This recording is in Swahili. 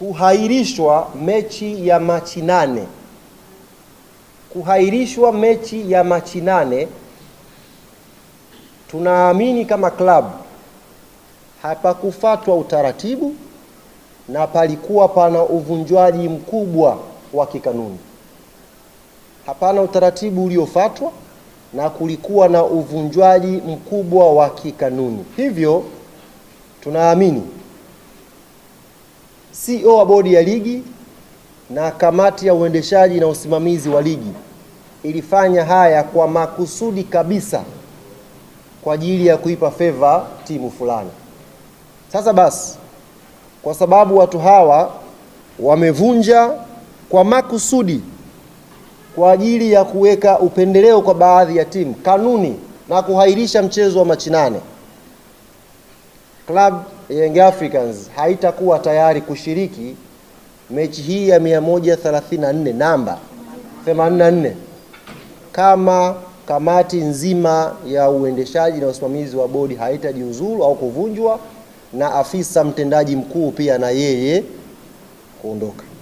kuhairishwa mechi ya Machi nane kuhairishwa mechi ya Machi nane. Tunaamini kama klabu hapakufuatwa utaratibu na palikuwa pana uvunjwaji mkubwa wa kikanuni. Hapana utaratibu uliofuatwa na kulikuwa na uvunjwaji mkubwa wa kikanuni, hivyo tunaamini CEO wa bodi ya ligi na kamati ya uendeshaji na usimamizi wa ligi ilifanya haya kwa makusudi kabisa kwa ajili ya kuipa feva timu fulani. Sasa basi, kwa sababu watu hawa wamevunja kwa makusudi kwa ajili ya kuweka upendeleo kwa baadhi ya timu kanuni na kuhairisha mchezo wa Machi nane, klabu Young Africans haitakuwa tayari kushiriki mechi hii ya 134 namba 84 kama kamati nzima ya uendeshaji na usimamizi wa bodi haitajiuzuru au kuvunjwa na afisa mtendaji mkuu pia na yeye kuondoka.